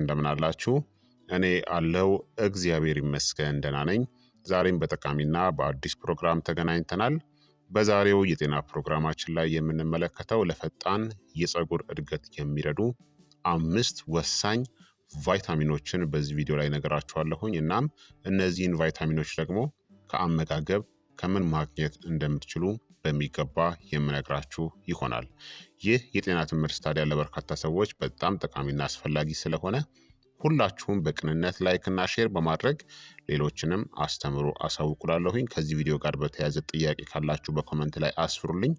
እንደምን አላችሁ? እኔ አለው እግዚአብሔር ይመስገን ደህና ነኝ። ዛሬም በጠቃሚና በአዲስ ፕሮግራም ተገናኝተናል። በዛሬው የጤና ፕሮግራማችን ላይ የምንመለከተው ለፈጣን የፀጉር እድገት የሚረዱ አምስት ወሳኝ ቫይታሚኖችን በዚህ ቪዲዮ ላይ ነገራችኋለሁኝ። እናም እነዚህን ቫይታሚኖች ደግሞ ከአመጋገብ ከምን ማግኘት እንደምትችሉ በሚገባ የምነግራችሁ ይሆናል። ይህ የጤና ትምህርት ታዲያ ለበርካታ ሰዎች በጣም ጠቃሚና አስፈላጊ ስለሆነ ሁላችሁም በቅንነት ላይክና ሼር በማድረግ ሌሎችንም አስተምሩ አሳውቁላለሁኝ። ከዚህ ቪዲዮ ጋር በተያያዘ ጥያቄ ካላችሁ በኮመንት ላይ አስፍሩልኝ።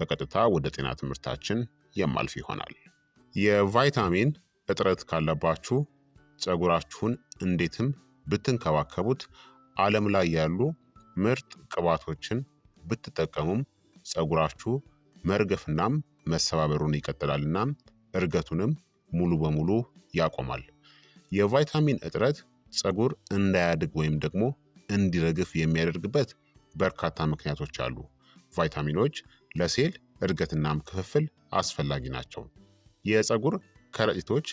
በቀጥታ ወደ ጤና ትምህርታችን የማልፍ ይሆናል። የቫይታሚን እጥረት ካለባችሁ ፀጉራችሁን እንዴትም ብትንከባከቡት ዓለም ላይ ያሉ ምርጥ ቅባቶችን ብትጠቀሙም ፀጉራችሁ መርገፍናም መሰባበሩን ይቀጥላልና እድገቱንም ሙሉ በሙሉ ያቆማል። የቫይታሚን እጥረት ፀጉር እንዳያድግ ወይም ደግሞ እንዲረግፍ የሚያደርግበት በርካታ ምክንያቶች አሉ። ቫይታሚኖች ለሴል እድገትናም ክፍፍል አስፈላጊ ናቸው። የፀጉር ከረጢቶች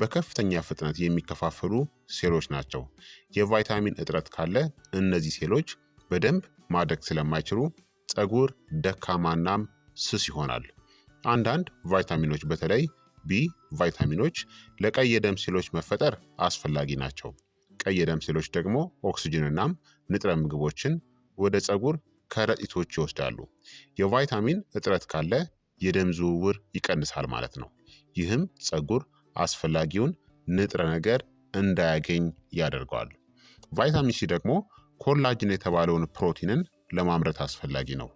በከፍተኛ ፍጥነት የሚከፋፈሉ ሴሎች ናቸው። የቫይታሚን እጥረት ካለ እነዚህ ሴሎች በደንብ ማደግ ስለማይችሉ ፀጉር ደካማናም ስስ ይሆናል። አንዳንድ ቫይታሚኖች በተለይ ቢ ቫይታሚኖች ለቀይ የደም ሴሎች መፈጠር አስፈላጊ ናቸው። ቀይ የደም ሴሎች ደግሞ ኦክስጅንናም ንጥረ ምግቦችን ወደ ፀጉር ከረጢቶች ይወስዳሉ። የቫይታሚን እጥረት ካለ የደም ዝውውር ይቀንሳል ማለት ነው። ይህም ፀጉር አስፈላጊውን ንጥረ ነገር እንዳያገኝ ያደርገዋል። ቫይታሚን ሲ ደግሞ ኮላጅን የተባለውን ፕሮቲንን ለማምረት አስፈላጊ ነው።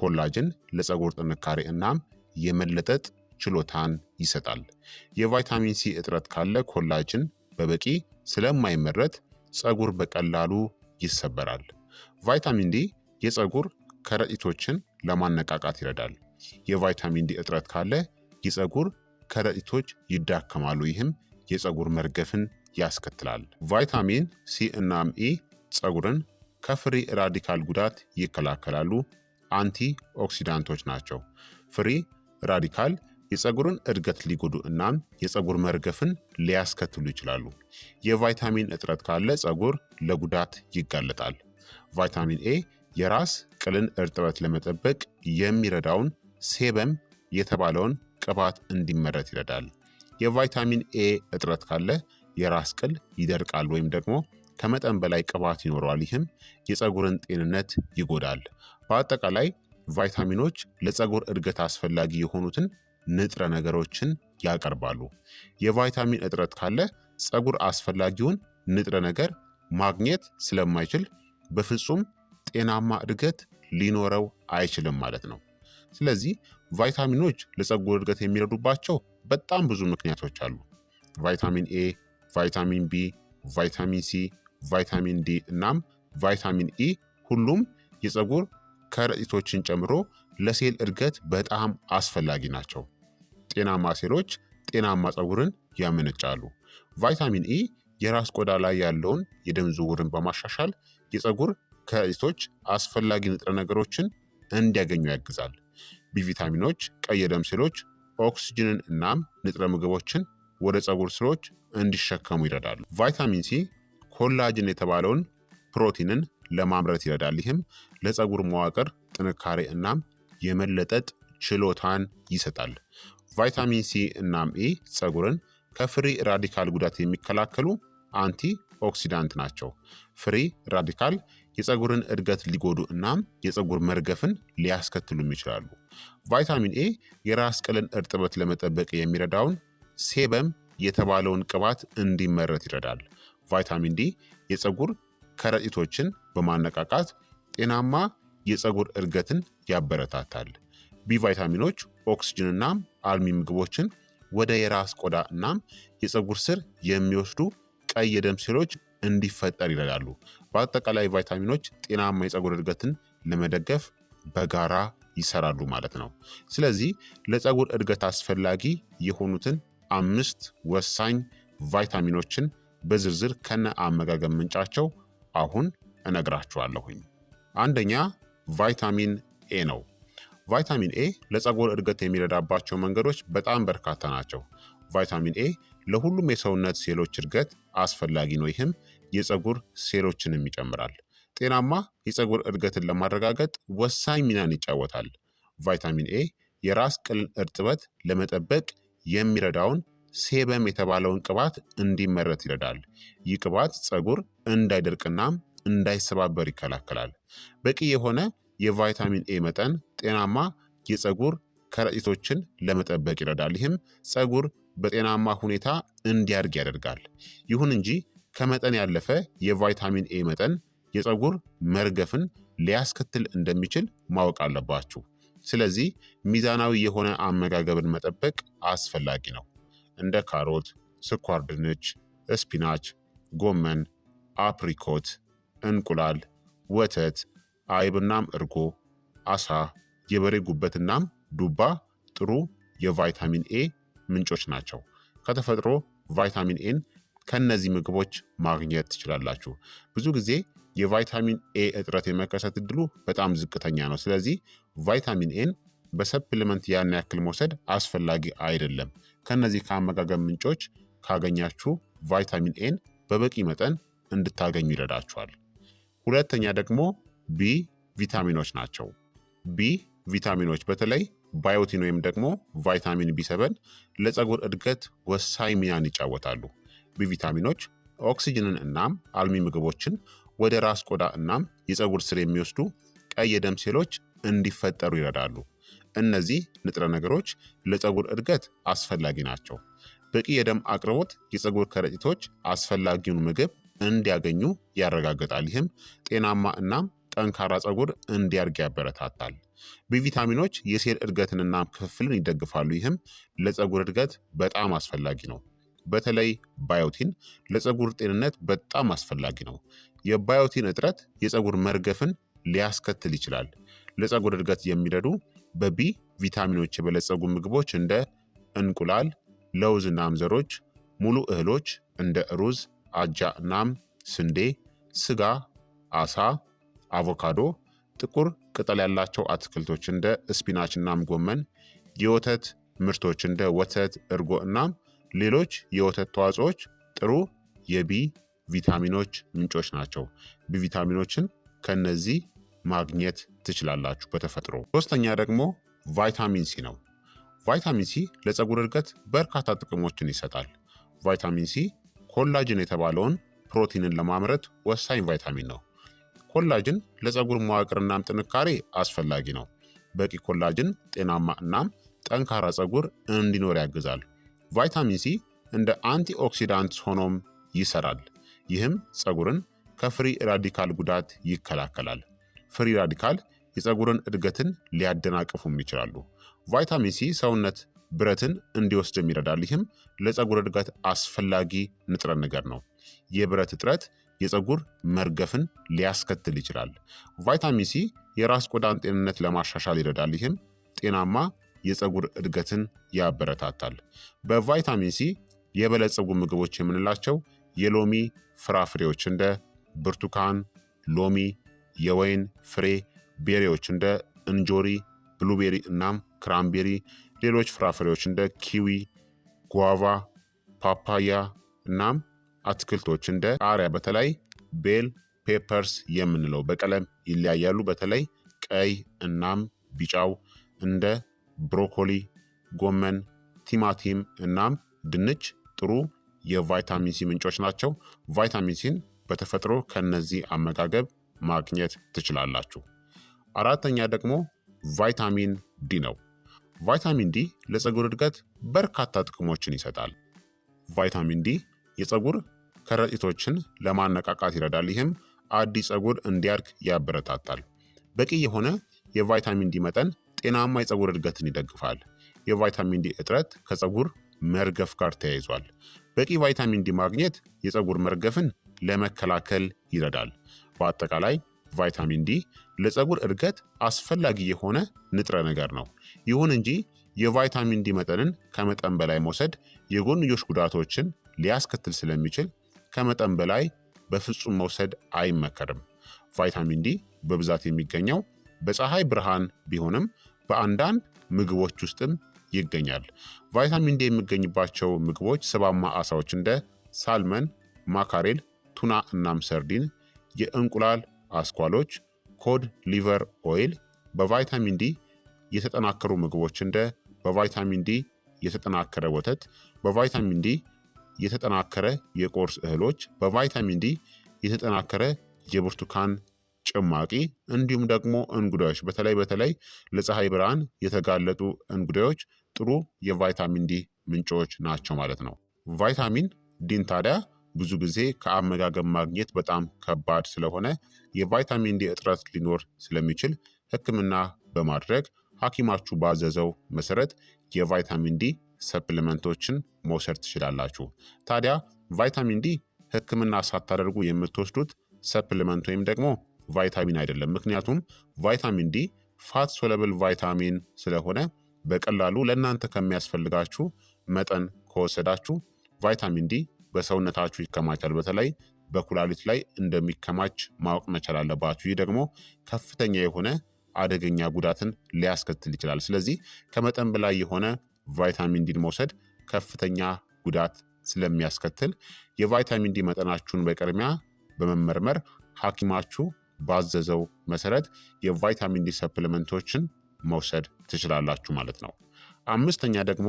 ኮላጅን ለፀጉር ጥንካሬ እናም የመለጠጥ ችሎታን ይሰጣል። የቫይታሚን ሲ እጥረት ካለ ኮላጅን በበቂ ስለማይመረት ፀጉር በቀላሉ ይሰበራል። ቫይታሚን ዲ የፀጉር ከረጢቶችን ለማነቃቃት ይረዳል። የቫይታሚን ዲ እጥረት ካለ የፀጉር ከረጢቶች ይዳከማሉ፣ ይህም የፀጉር መርገፍን ያስከትላል። ቫይታሚን ሲ እናም ኢ ፀጉርን ከፍሪ ራዲካል ጉዳት ይከላከላሉ፣ አንቲ ኦክሲዳንቶች ናቸው። ፍሪ ራዲካል የፀጉርን እድገት ሊጎዱ እናም የፀጉር መርገፍን ሊያስከትሉ ይችላሉ። የቫይታሚን እጥረት ካለ ፀጉር ለጉዳት ይጋለጣል። ቫይታሚን ኤ የራስ ቅልን እርጥበት ለመጠበቅ የሚረዳውን ሴበም የተባለውን ቅባት እንዲመረት ይረዳል። የቫይታሚን ኤ እጥረት ካለ የራስ ቅል ይደርቃል ወይም ደግሞ ከመጠን በላይ ቅባት ይኖረዋል። ይህም የፀጉርን ጤንነት ይጎዳል። በአጠቃላይ ቫይታሚኖች ለፀጉር እድገት አስፈላጊ የሆኑትን ንጥረ ነገሮችን ያቀርባሉ። የቫይታሚን እጥረት ካለ ፀጉር አስፈላጊውን ንጥረ ነገር ማግኘት ስለማይችል በፍጹም ጤናማ እድገት ሊኖረው አይችልም ማለት ነው። ስለዚህ ቫይታሚኖች ለፀጉር እድገት የሚረዱባቸው በጣም ብዙ ምክንያቶች አሉ። ቫይታሚን ኤ፣ ቫይታሚን ቢ፣ ቫይታሚን ሲ፣ ቫይታሚን ዲ እናም ቫይታሚን ኢ ሁሉም የፀጉር ከረጢቶችን ጨምሮ ለሴል እድገት በጣም አስፈላጊ ናቸው። ጤናማ ሴሎች ጤናማ ፀጉርን ያመነጫሉ። ቫይታሚን ኢ የራስ ቆዳ ላይ ያለውን የደም ዝውውርን በማሻሻል የፀጉር ከረጢቶች አስፈላጊ ንጥረ ነገሮችን እንዲያገኙ ያግዛል። ቢ ቪታሚኖች ቀይ የደም ሴሎች ኦክስጅንን እናም ንጥረ ምግቦችን ወደ ፀጉር ስሮች እንዲሸከሙ ይረዳሉ። ቫይታሚን ሲ ኮላጅን የተባለውን ፕሮቲንን ለማምረት ይረዳል። ይህም ለፀጉር መዋቅር ጥንካሬ እናም የመለጠጥ ችሎታን ይሰጣል። ቫይታሚን ሲ እናም ኤ ፀጉርን ከፍሪ ራዲካል ጉዳት የሚከላከሉ አንቲ ኦክሲዳንት ናቸው። ፍሪ ራዲካል የፀጉርን እድገት ሊጎዱ እናም የፀጉር መርገፍን ሊያስከትሉም ይችላሉ። ቫይታሚን ኤ የራስ ቅልን እርጥበት ለመጠበቅ የሚረዳውን ሴበም የተባለውን ቅባት እንዲመረት ይረዳል። ቫይታሚን ዲ የፀጉር ከረጢቶችን በማነቃቃት ጤናማ የፀጉር እድገትን ያበረታታል። ቢ ቫይታሚኖች ኦክስጅንናም አልሚ ምግቦችን ወደ የራስ ቆዳ እናም የፀጉር ስር የሚወስዱ ቀይ የደም ሴሎች እንዲፈጠር ይረዳሉ። በአጠቃላይ ቫይታሚኖች ጤናማ የፀጉር እድገትን ለመደገፍ በጋራ ይሰራሉ ማለት ነው። ስለዚህ ለፀጉር እድገት አስፈላጊ የሆኑትን አምስት ወሳኝ ቫይታሚኖችን በዝርዝር ከነ አመጋገብ ምንጫቸው አሁን እነግራችኋለሁኝ። አንደኛ ቫይታሚን ኤ ነው። ቫይታሚን ኤ ለፀጉር እድገት የሚረዳባቸው መንገዶች በጣም በርካታ ናቸው። ቫይታሚን ኤ ለሁሉም የሰውነት ሴሎች እድገት አስፈላጊ ነው። ይህም የፀጉር ሴሎችንም ይጨምራል። ጤናማ የፀጉር እድገትን ለማረጋገጥ ወሳኝ ሚናን ይጫወታል። ቫይታሚን ኤ የራስ ቅልን እርጥበት ለመጠበቅ የሚረዳውን ሴበም የተባለውን ቅባት እንዲመረት ይረዳል። ይህ ቅባት ፀጉር እንዳይደርቅና እንዳይሰባበር ይከላከላል። በቂ የሆነ የቫይታሚን ኤ መጠን ጤናማ የፀጉር ከረጢቶችን ለመጠበቅ ይረዳል። ይህም ፀጉር በጤናማ ሁኔታ እንዲያድግ ያደርጋል። ይሁን እንጂ ከመጠን ያለፈ የቫይታሚን ኤ መጠን የፀጉር መርገፍን ሊያስከትል እንደሚችል ማወቅ አለባችሁ። ስለዚህ ሚዛናዊ የሆነ አመጋገብን መጠበቅ አስፈላጊ ነው። እንደ ካሮት፣ ስኳር ድንች፣ ስፒናች፣ ጎመን፣ አፕሪኮት፣ እንቁላል፣ ወተት፣ አይብናም እርጎ፣ አሳ፣ የበሬ ጉበትናም ዱባ ጥሩ የቫይታሚን ኤ ምንጮች ናቸው። ከተፈጥሮ ቫይታሚን ኤን ከነዚህ ምግቦች ማግኘት ትችላላችሁ። ብዙ ጊዜ የቫይታሚን ኤ እጥረት የመከሰት እድሉ በጣም ዝቅተኛ ነው። ስለዚህ ቫይታሚን ኤን በሰፕልመንት ያን ያክል መውሰድ አስፈላጊ አይደለም። ከነዚህ ከአመጋገብ ምንጮች ካገኛችሁ ቫይታሚን ኤን በበቂ መጠን እንድታገኙ ይረዳችኋል። ሁለተኛ ደግሞ ቢ ቪታሚኖች ናቸው። ቢ ቪታሚኖች በተለይ ባዮቲን ወይም ደግሞ ቫይታሚን ቢ ለፀጉር እድገት ወሳኝ ሚናን ይጫወታሉ። ቢ ቪታሚኖች ኦክሲጅንን እናም አልሚ ምግቦችን ወደ ራስ ቆዳ እናም የፀጉር ስር የሚወስዱ ቀይ የደም ሴሎች እንዲፈጠሩ ይረዳሉ። እነዚህ ንጥረ ነገሮች ለፀጉር እድገት አስፈላጊ ናቸው። በቂ የደም አቅርቦት የፀጉር ከረጢቶች አስፈላጊውን ምግብ እንዲያገኙ ያረጋግጣል። ይህም ጤናማ እናም ጠንካራ ፀጉር እንዲያድግ ያበረታታል። ቢቪታሚኖች የሴል እድገትንና ክፍፍልን ይደግፋሉ። ይህም ለፀጉር እድገት በጣም አስፈላጊ ነው። በተለይ ባዮቲን ለፀጉር ጤንነት በጣም አስፈላጊ ነው። የባዮቲን እጥረት የፀጉር መርገፍን ሊያስከትል ይችላል። ለፀጉር እድገት የሚረዱ በቢ ቪታሚኖች የበለጸጉ ምግቦች እንደ እንቁላል፣ ለውዝ እናም ዘሮች፣ ሙሉ እህሎች እንደ ሩዝ፣ አጃ እናም ስንዴ፣ ስጋ፣ አሳ፣ አቮካዶ፣ ጥቁር ቅጠል ያላቸው አትክልቶች እንደ ስፒናች እናም ጎመን፣ የወተት ምርቶች እንደ ወተት፣ እርጎ እናም ሌሎች የወተት ተዋጽኦች ጥሩ የቢ ቪታሚኖች ምንጮች ናቸው። ቢ ቪታሚኖችን ከነዚህ ማግኘት ትችላላችሁ በተፈጥሮ። ሶስተኛ ደግሞ ቫይታሚን ሲ ነው። ቫይታሚን ሲ ለፀጉር እድገት በርካታ ጥቅሞችን ይሰጣል። ቫይታሚን ሲ ኮላጅን የተባለውን ፕሮቲንን ለማምረት ወሳኝ ቫይታሚን ነው። ኮላጅን ለፀጉር መዋቅርናም ጥንካሬ አስፈላጊ ነው። በቂ ኮላጅን ጤናማ እናም ጠንካራ ፀጉር እንዲኖር ያግዛል። ቫይታሚን ሲ እንደ አንቲኦክሲዳንት ሆኖም ይሰራል። ይህም ፀጉርን ከፍሪ ራዲካል ጉዳት ይከላከላል። ፍሪ ራዲካል የፀጉርን እድገትን ሊያደናቅፉም ይችላሉ። ቫይታሚን ሲ ሰውነት ብረትን እንዲወስድም ይረዳል። ይህም ለፀጉር እድገት አስፈላጊ ንጥረ ነገር ነው። የብረት እጥረት የፀጉር መርገፍን ሊያስከትል ይችላል። ቫይታሚን ሲ የራስ ቆዳን ጤንነት ለማሻሻል ይረዳል። ይህም ጤናማ የፀጉር እድገትን ያበረታታል። በቫይታሚን ሲ የበለጸጉ ምግቦች የምንላቸው የሎሚ ፍራፍሬዎች እንደ ብርቱካን፣ ሎሚ የወይን ፍሬ ቤሪዎች እንደ እንጆሪ፣ ብሉቤሪ እናም ክራምቤሪ፣ ሌሎች ፍራፍሬዎች እንደ ኪዊ፣ ጓቫ፣ ፓፓያ እናም አትክልቶች እንደ ቃሪያ በተለይ ቤል ፔፐርስ የምንለው በቀለም ይለያያሉ። በተለይ ቀይ እናም ቢጫው እንደ ብሮኮሊ፣ ጎመን፣ ቲማቲም እናም ድንች ጥሩ የቫይታሚን ሲ ምንጮች ናቸው። ቫይታሚን ሲን በተፈጥሮ ከነዚህ አመጋገብ ማግኘት ትችላላችሁ። አራተኛ ደግሞ ቫይታሚን ዲ ነው። ቫይታሚን ዲ ለፀጉር እድገት በርካታ ጥቅሞችን ይሰጣል። ቫይታሚን ዲ የፀጉር ከረጢቶችን ለማነቃቃት ይረዳል። ይህም አዲስ ፀጉር እንዲያድግ ያበረታታል። በቂ የሆነ የቫይታሚን ዲ መጠን ጤናማ የፀጉር እድገትን ይደግፋል። የቫይታሚን ዲ እጥረት ከፀጉር መርገፍ ጋር ተያይዟል። በቂ ቫይታሚን ዲ ማግኘት የፀጉር መርገፍን ለመከላከል ይረዳል። በአጠቃላይ ቫይታሚን ዲ ለፀጉር እድገት አስፈላጊ የሆነ ንጥረ ነገር ነው። ይሁን እንጂ የቫይታሚን ዲ መጠንን ከመጠን በላይ መውሰድ የጎንዮሽ ጉዳቶችን ሊያስከትል ስለሚችል ከመጠን በላይ በፍጹም መውሰድ አይመከርም። ቫይታሚን ዲ በብዛት የሚገኘው በፀሐይ ብርሃን ቢሆንም በአንዳንድ ምግቦች ውስጥም ይገኛል። ቫይታሚን ዲ የሚገኝባቸው ምግቦች ስባማ አሳዎች እንደ ሳልመን፣ ማካሬል፣ ቱና እናም ሰርዲን የእንቁላል አስኳሎች፣ ኮድ ሊቨር ኦይል፣ በቫይታሚን ዲ የተጠናከሩ ምግቦች እንደ በቫይታሚን ዲ የተጠናከረ ወተት፣ በቫይታሚን ዲ የተጠናከረ የቆርስ እህሎች፣ በቫይታሚን ዲ የተጠናከረ የብርቱካን ጭማቂ እንዲሁም ደግሞ እንጉዳዮች በተለይ በተለይ ለፀሐይ ብርሃን የተጋለጡ እንጉዳዮች ጥሩ የቫይታሚን ዲ ምንጮች ናቸው ማለት ነው። ቫይታሚን ዲን ታዲያ ብዙ ጊዜ ከአመጋገብ ማግኘት በጣም ከባድ ስለሆነ የቫይታሚን ዲ እጥረት ሊኖር ስለሚችል ሕክምና በማድረግ ሐኪማችሁ ባዘዘው መሰረት የቫይታሚን ዲ ሰፕሊመንቶችን መውሰድ ትችላላችሁ። ታዲያ ቫይታሚን ዲ ሕክምና ሳታደርጉ የምትወስዱት ሰፕሊመንት ወይም ደግሞ ቫይታሚን አይደለም። ምክንያቱም ቫይታሚን ዲ ፋት ሶለብል ቫይታሚን ስለሆነ በቀላሉ ለእናንተ ከሚያስፈልጋችሁ መጠን ከወሰዳችሁ ቫይታሚን ዲ በሰውነታችሁ ይከማቻል። በተለይ በኩላሊት ላይ እንደሚከማች ማወቅ መቻል አለባችሁ። ይህ ደግሞ ከፍተኛ የሆነ አደገኛ ጉዳትን ሊያስከትል ይችላል። ስለዚህ ከመጠን በላይ የሆነ ቫይታሚን ዲን መውሰድ ከፍተኛ ጉዳት ስለሚያስከትል የቫይታሚን ዲ መጠናችሁን በቅድሚያ በመመርመር ሐኪማችሁ ባዘዘው መሰረት የቫይታሚን ዲ ሰፕሊመንቶችን መውሰድ ትችላላችሁ ማለት ነው። አምስተኛ ደግሞ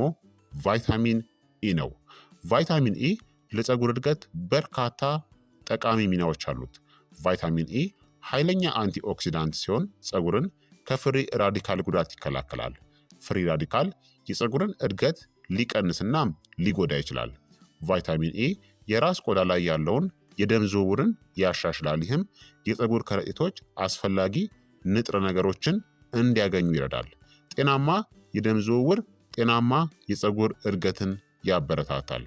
ቫይታሚን ኢ ነው። ቫይታሚን ኢ ለፀጉር እድገት በርካታ ጠቃሚ ሚናዎች አሉት። ቫይታሚን ኢ ኃይለኛ አንቲኦክሲዳንት ሲሆን ፀጉርን ከፍሪ ራዲካል ጉዳት ይከላከላል። ፍሪ ራዲካል የፀጉርን እድገት ሊቀንስና ሊጎዳ ይችላል። ቫይታሚን ኢ የራስ ቆዳ ላይ ያለውን የደም ዝውውርን ያሻሽላል። ይህም የፀጉር ከረጢቶች አስፈላጊ ንጥረ ነገሮችን እንዲያገኙ ይረዳል። ጤናማ የደም ዝውውር ጤናማ የፀጉር እድገትን ያበረታታል።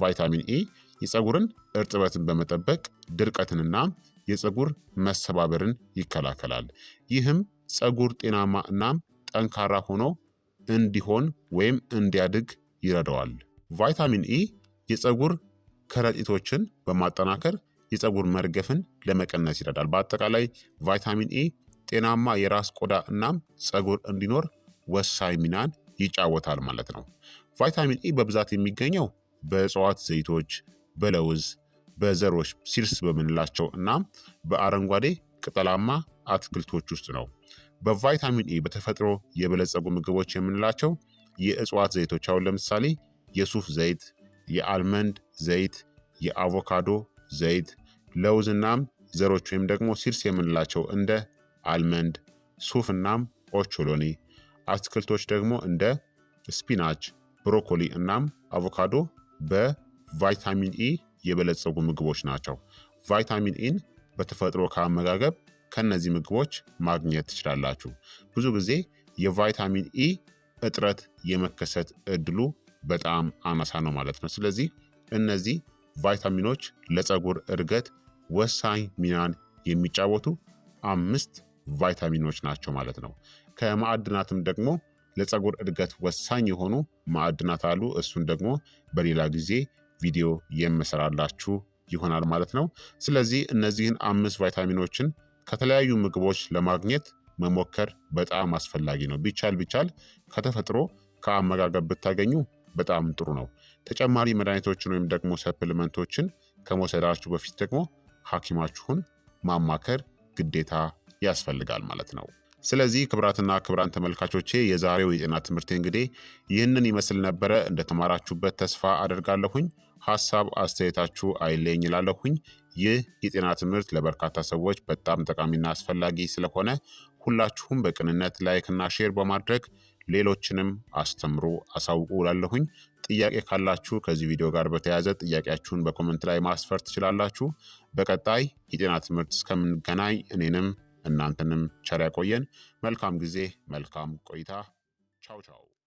ቫይታሚን ኤ e የፀጉርን እርጥበትን በመጠበቅ ድርቀትንና የፀጉር መሰባበርን ይከላከላል። ይህም ፀጉር ጤናማ እናም ጠንካራ ሆኖ እንዲሆን ወይም እንዲያድግ ይረዳዋል። ቫይታሚን ኤ e የፀጉር ከረጢቶችን በማጠናከር የፀጉር መርገፍን ለመቀነስ ይረዳል። በአጠቃላይ ቫይታሚን ኤ e ጤናማ የራስ ቆዳ እናም ፀጉር እንዲኖር ወሳኝ ሚናን ይጫወታል ማለት ነው። ቫይታሚን ኤ በብዛት የሚገኘው በእጽዋት ዘይቶች፣ በለውዝ፣ በዘሮች ሲርስ በምንላቸው እናም በአረንጓዴ ቅጠላማ አትክልቶች ውስጥ ነው። በቫይታሚን ኤ በተፈጥሮ የበለጸጉ ምግቦች የምንላቸው የእጽዋት ዘይቶች አሁን ለምሳሌ የሱፍ ዘይት፣ የአልመንድ ዘይት፣ የአቮካዶ ዘይት፣ ለውዝ እናም ዘሮች ወይም ደግሞ ሲርስ የምንላቸው እንደ አልመንድ፣ ሱፍ እናም ኦቾሎኒ አትክልቶች ደግሞ እንደ ስፒናች፣ ብሮኮሊ እናም አቮካዶ በቫይታሚን ኢ የበለጸጉ ምግቦች ናቸው። ቫይታሚን ኢን በተፈጥሮ ከአመጋገብ ከነዚህ ምግቦች ማግኘት ትችላላችሁ። ብዙ ጊዜ የቫይታሚን ኢ እጥረት የመከሰት እድሉ በጣም አናሳ ነው ማለት ነው። ስለዚህ እነዚህ ቫይታሚኖች ለፀጉር እድገት ወሳኝ ሚናን የሚጫወቱ አምስት ቫይታሚኖች ናቸው ማለት ነው። ከማዕድናትም ደግሞ ለፀጉር እድገት ወሳኝ የሆኑ ማዕድናት አሉ። እሱን ደግሞ በሌላ ጊዜ ቪዲዮ የምሰራላችሁ ይሆናል ማለት ነው። ስለዚህ እነዚህን አምስት ቫይታሚኖችን ከተለያዩ ምግቦች ለማግኘት መሞከር በጣም አስፈላጊ ነው። ቢቻል ቢቻል ከተፈጥሮ ከአመጋገብ ብታገኙ በጣም ጥሩ ነው። ተጨማሪ መድኃኒቶችን ወይም ደግሞ ሰፕልመንቶችን ከመውሰዳችሁ በፊት ደግሞ ሐኪማችሁን ማማከር ግዴታ ያስፈልጋል ማለት ነው። ስለዚህ ክብራትና ክብራን ተመልካቾቼ የዛሬው የጤና ትምህርቴ እንግዲህ ይህንን ይመስል ነበረ። እንደተማራችሁበት ተስፋ አደርጋለሁኝ። ሀሳብ አስተያየታችሁ አይለኝ ይላለሁኝ። ይህ የጤና ትምህርት ለበርካታ ሰዎች በጣም ጠቃሚና አስፈላጊ ስለሆነ ሁላችሁም በቅንነት ላይክና ሼር በማድረግ ሌሎችንም አስተምሩ፣ አሳውቁ እላለሁኝ። ጥያቄ ካላችሁ ከዚህ ቪዲዮ ጋር በተያያዘ ጥያቄያችሁን በኮመንት ላይ ማስፈር ትችላላችሁ። በቀጣይ የጤና ትምህርት እስከምንገናኝ እኔንም እናንተንም ቸር ያቆየን። መልካም ጊዜ፣ መልካም ቆይታ። ቻው ቻው